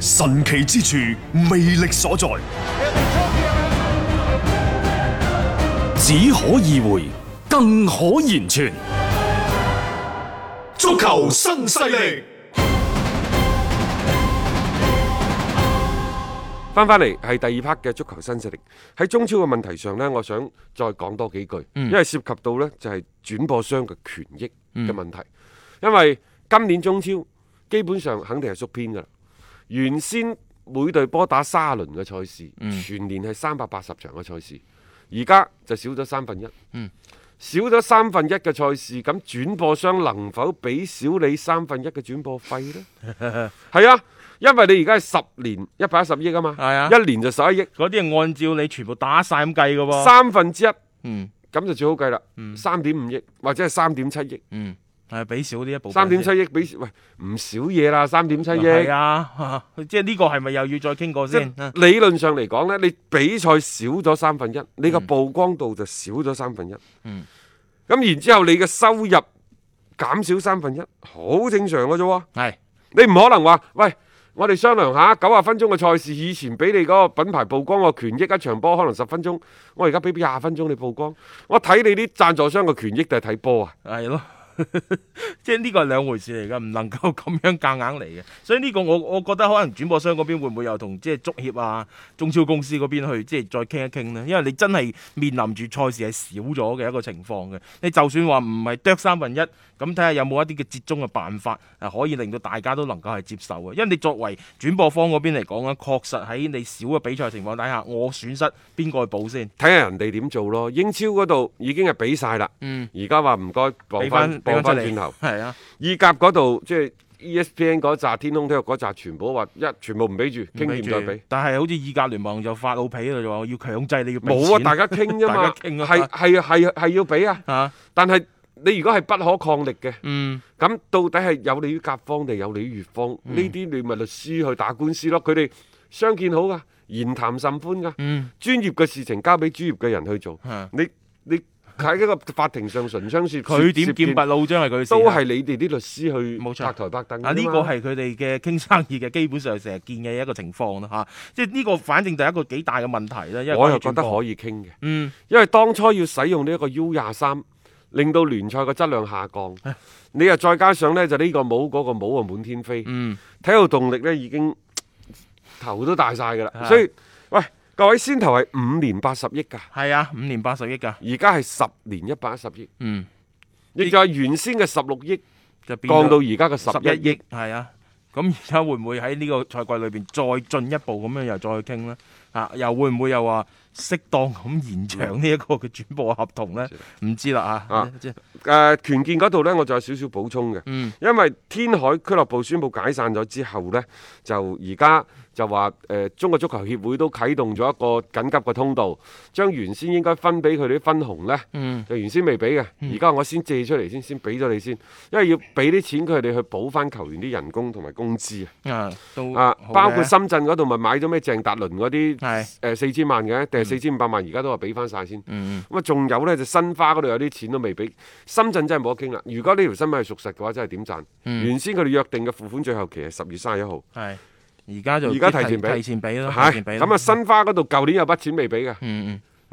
神奇之處，魅力所在，只可意會，更可言傳。足球新勢力，翻翻嚟係第二 part 嘅足球新勢力。喺中超嘅問題上呢，我想再講多幾句，因為涉及到呢就係轉播商嘅權益嘅問題。嗯，因為今年中超基本上肯定係縮編噶啦。原先每隊波打卅輪嘅賽事，嗯、全年係三百八十場嘅賽事，而家就少咗三分一，嗯、少咗三分一嘅賽事，咁轉播商能否俾少你三分一嘅轉播費呢？係 啊，因為你而家係十年一百一十億啊嘛，啊一年就十一億，嗰啲係按照你全部打晒咁計噶喎，三分之一、嗯，咁、嗯、就最好計啦，三點五億或者係三點七億。嗯係俾少啲一部，三點七億俾喂唔少嘢啦，三點七億啊，即係呢個係咪又要再傾過先？理論上嚟講呢，你比賽少咗三分一，你個曝光度就少咗三分一。嗯，咁然之後你嘅收入減少三分一，好正常㗎啫。係是你唔可能話喂，我哋商量下九十分鐘嘅賽事，以前俾你嗰個品牌曝光個權益，一場波可能十分鐘，我而家俾俾廿分鐘你曝光，我睇你啲讚助商嘅權益定係睇波啊，係咯。即係呢個係兩回事嚟噶，唔能夠咁樣夾硬嚟嘅。所以呢個我我覺得可能轉播商嗰邊會唔會又同即係足協啊、中超公司嗰邊去即係再傾一傾呢？因為你真係面臨住賽事係少咗嘅一個情況嘅。你就算話唔係剁三分一，咁睇下有冇一啲嘅折中嘅辦法啊，係可以令到大家都能夠係接受嘅。因為你作為轉播方嗰邊嚟講咧，確實喺你少嘅比賽情況底下，我損失邊個去補先？睇下人哋點做咯。英超嗰度已經係俾晒啦，嗯，而家話唔該，俾返。放翻轉頭係啊，意甲嗰度即係 ESPN 嗰扎、天空體育嗰扎，全部話一全部唔俾住，傾掂再俾。但係好似意甲聯盟就發老脾啦，就話要強制你要俾冇啊，大家傾啫嘛，係係係係要俾啊。但係你如果係不可抗力嘅，嗯，咁到底係有利於甲方定有利於乙方？呢啲你咪律師去打官司咯。佢哋相見好㗎，言談甚歡㗎，嗯，專業嘅事情交俾專業嘅人去做。你你。喺呢個法庭上唇槍舌，佢點劍拔弩張係佢，見都係你哋啲律師去拍台拍凳。呢、啊這個係佢哋嘅傾生意嘅，基本上成日見嘅一個情況咯，吓、啊。即係呢個，反正就係一個幾大嘅問題咧，因為我係覺得可以傾嘅。嗯，因為當初要使用呢一個 U 廿三，令到聯賽個質量下降。嗯、你又再加上咧，就呢個帽嗰、那個帽啊滿天飛。嗯，體育動力咧已經頭都大晒噶啦。嗯、所以，喂。各位，先頭係五年八十億噶，係啊，五年八十億噶，而家係十年一百一十億，嗯，亦就係原先嘅十六億就降到而家嘅十一億，係啊，咁而家會唔會喺呢個賽季裏邊再進一步咁樣又再去傾呢？啊！又會唔會又話適當咁延長呢一個嘅轉播合同呢？唔知啦啊啊！誒、啊、權健嗰度呢，我仲有少少補充嘅。嗯、因為天海俱樂部宣布解散咗之後呢，就而家就話誒、呃、中國足球協會都啟動咗一個緊急嘅通道，將原先應該分俾佢哋啲分紅呢，嗯、就原先未俾嘅，而家我先借出嚟先，先俾咗你先，因為要俾啲錢佢哋去補翻球員啲人工同埋工資、嗯、啊。啊，包括深圳嗰度咪買咗咩鄭達倫嗰啲。係，誒四千萬嘅，定係四千五百萬，而家都話俾翻晒先。咁啊，仲有呢？就新花嗰度有啲錢都未俾，深圳真係冇得傾啦。如果呢條新聞係屬實嘅話，真係點賺？原先佢哋約定嘅付款最後期係十月三十一號。而家就而家提前俾，提前俾咯。咁啊，新花嗰度舊年有筆錢未俾嘅。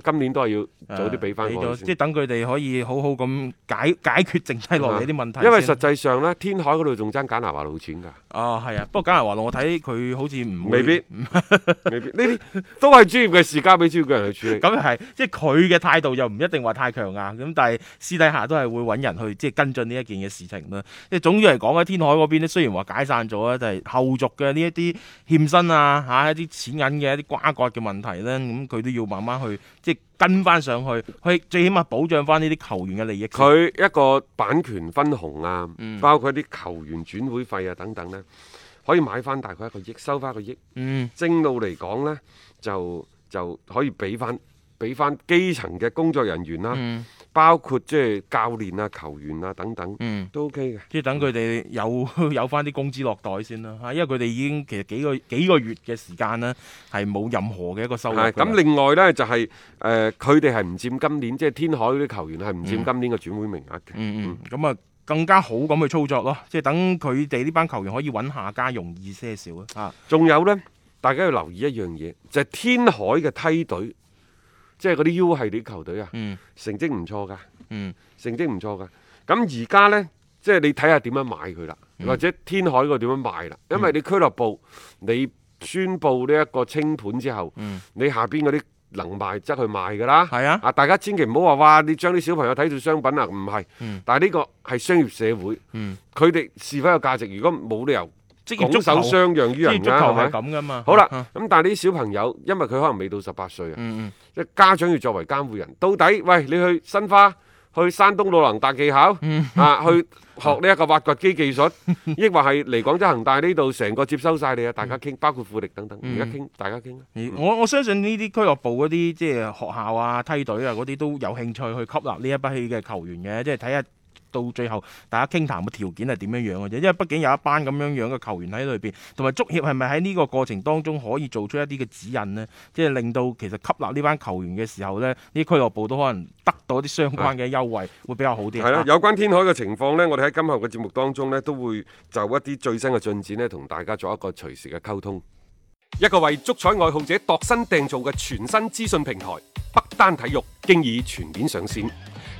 今年都係要早啲俾翻我，即係等佢哋可以好好咁解解決剩低落嚟啲問題、啊。因為實際上咧，天海嗰度仲爭簡拿華路錢㗎。啊、哦，係啊，不過簡拿華路我睇佢好似唔未必，哼未必呢啲哈哈 都係專業嘅事，交俾專業嘅人去處理。咁又係，即係佢嘅態度又唔一定話太強硬。咁但係私底下都係會揾人去即係跟進呢一件嘅事情啦。即係總之嚟講喺天海嗰邊咧，雖然話解散咗啦，但、就、係、是、後續嘅呢一啲欠薪啊、嚇、啊、一啲錢銀嘅一啲瓜葛嘅問題咧，咁佢都要慢慢去。即跟翻上去，去最起碼保障翻呢啲球員嘅利益。佢一個版權分紅啊，嗯、包括啲球員轉會費啊等等呢，可以買翻大概一個億，收翻個億。嗯、正路嚟講呢，就就可以俾翻俾翻基層嘅工作人員啦、啊。嗯包括即係教練啊、球員啊等等，嗯、都 OK 嘅。即係等佢哋有有返啲工資落袋先啦，嚇，因為佢哋已經其實幾個幾個月嘅時間咧，係冇任何嘅一個收入。咁另外呢，就係、是、誒，佢哋係唔佔今年即係天海啲球員係唔佔今年嘅轉會名額嘅。嗯嗯。咁啊、嗯，嗯、更加好咁去操作咯，即係等佢哋呢班球員可以揾下家容易些少咯。仲、啊、有呢，大家要留意一樣嘢，就係、是、天海嘅梯隊。即係嗰啲 U 係啲球隊啊，嗯、成績唔錯噶，嗯、成績唔錯噶。咁而家呢，即係你睇下點樣買佢啦，嗯、或者天海個點樣賣啦。因為你俱樂部、嗯、你宣布呢一個清盤之後，嗯、你下邊嗰啲能賣則去賣噶啦。啊，大家千祈唔好話哇！你將啲小朋友睇住商品啊，唔係。嗯、但係呢個係商業社會，佢哋是否有價值？如果冇理由。即拱手相讓於人，足球係咁噶嘛？好啦，咁但係啲小朋友，因為佢可能未到十八歲啊，即係家長要作為監護人。到底，喂，你去申花、去山東魯能、大技巧，啊，去學呢一個挖掘機技術，抑或係嚟廣州恒大呢度成個接收晒你啊？大家傾，包括富力等等，而家傾，大家傾。我我相信呢啲俱樂部嗰啲，即係學校啊、梯隊啊嗰啲都有興趣去吸納呢一批嘅球員嘅，即係睇下。到最後大家傾談嘅條件係點樣樣嘅啫？因為畢竟有一班咁樣樣嘅球員喺裏邊，同埋足協係咪喺呢個過程當中可以做出一啲嘅指引呢？即係令到其實吸納呢班球員嘅時候呢，啲俱樂部都可能得到一啲相關嘅優惠，啊、會比較好啲。係啦、啊，有關天海嘅情況呢，我哋喺今後嘅節目當中呢，都會就一啲最新嘅進展呢，同大家做一個隨時嘅溝通。一個為足彩愛好者度身訂造嘅全新資訊平台北單體育，經已全面上線。